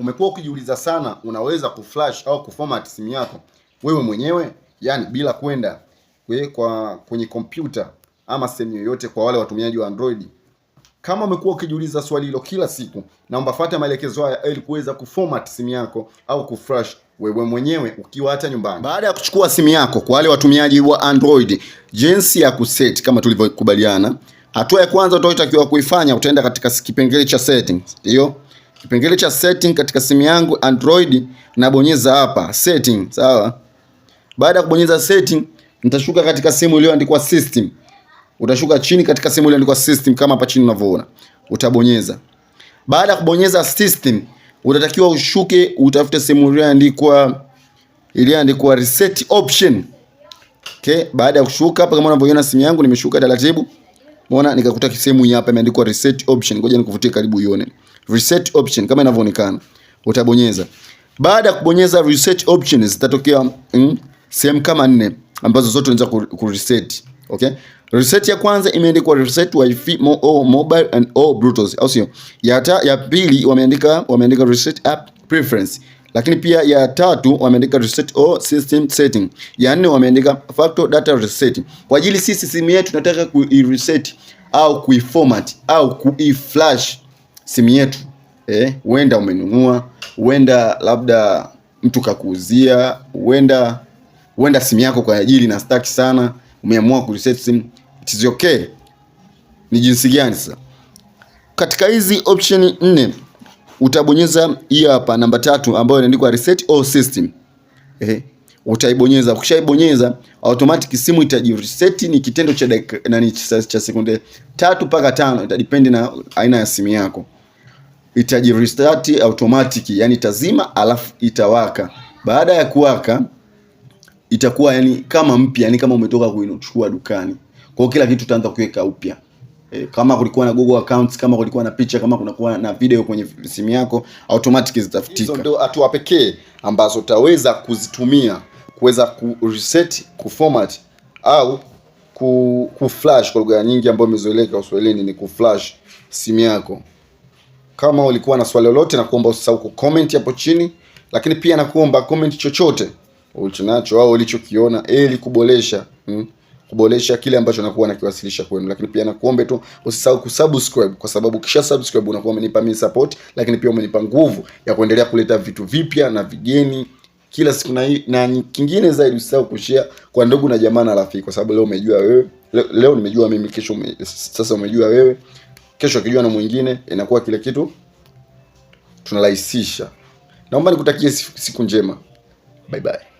Umekuwa ukijiuliza sana, unaweza kuflash au kuformat simu yako wewe mwenyewe, yani bila kwenda kwe kwa kwenye kompyuta ama sehemu yoyote, kwa wale watumiaji wa Android. Kama umekuwa ukijiuliza swali hilo kila siku, naomba fuata maelekezo haya ili kuweza kuformat simu yako au kuflash wewe mwenyewe ukiwa hata nyumbani. Baada ya kuchukua simu yako, kwa wale watumiaji wa Android, jinsi ya kuset kama tulivyokubaliana, hatua ya kwanza utakayotakiwa kuifanya, utaenda katika kipengele cha settings, ndio kipengele cha setting katika simu yangu Android, nabonyeza hapa setting, sawa. Baada ya kubonyeza setting, nitashuka katika simu iliyoandikwa system. Utashuka chini katika simu iliyoandikwa system kama hapa chini unavyoona, utabonyeza. Baada ya kubonyeza system, utatakiwa ushuke, utafute simu iliyoandikwa iliyoandikwa reset option. Okay, baada ya kushuka hapa, kama unavyoona simu yangu nimeshuka taratibu. Umeona, nikakuta sehemu hii hapa imeandikwa reset option. Ngoja nikuvutie karibu uone reset option kama inavyoonekana, utabonyeza. Baada ya kubonyeza reset option, zitatokea mm, sehemu kama nne ambazo zote unaweza ku reset. Okay, reset ya kwanza imeandikwa reset wifi mo, o, mobile and all bluetooth, au sio? Ya, ya pili wameandika wameandika reset app preference lakini pia ya tatu wameandika reset or system setting, ya nne wameandika factory data reset. Kwa ajili sisi simu yetu tunataka kuireset au kuiformat au kuiflash simu yetu eh, huenda umenunua, huenda labda mtu kakuuzia, huenda huenda simu yako kwa ajili na stack sana, umeamua kureset simu, it is okay. Ni jinsi gani sasa katika hizi option nne utabonyeza hiyo hapa namba tatu ambayo inaandikwa reset all system. Ehe, utaibonyeza. Ukishaibonyeza automatic simu itajireset. Ni kitendo cha nani, cha sekunde tatu mpaka tano, itadepend na aina ya simu yako. Itajirestart automatic, yani itazima alafu itawaka. Baada ya kuwaka itakuwa yani kama mpya, yani kama umetoka kuichukua dukani. Kwa hiyo kila kitu utaanza kuweka upya. E, kama kulikuwa na Google accounts, kama kulikuwa na picha, kama kunakuwa na video kwenye simu yako automatic zitafutika. Hizo ndio hatua pekee ambazo utaweza kuzitumia kuweza ku reset, ku format au ku, ku flash kwa lugha nyingi ambayo imezoeleka Kiswahilini ni ku flash simu yako. Kama ulikuwa na swali lolote, na kuomba usisahau ku comment hapo chini, lakini pia nakuomba comment chochote ulichonacho au ulichokiona ili kuboresha hmm kuboresha kile ambacho nakuwa nakiwasilisha kwenu, lakini pia nakuombe tu usisahau kusubscribe, kwa sababu kisha subscribe unakuwa umenipa mimi support, lakini pia umenipa nguvu ya kuendelea kuleta vitu vipya na vigeni kila siku na, na kingine zaidi usisahau kushare kwa ndugu na jamaa na rafiki, kwa sababu leo umejua wewe, leo, leo nimejua mimi, kesho ume, sasa umejua wewe, kesho akijua na mwingine, inakuwa kile kitu tunarahisisha. Naomba nikutakie siku njema, bye bye.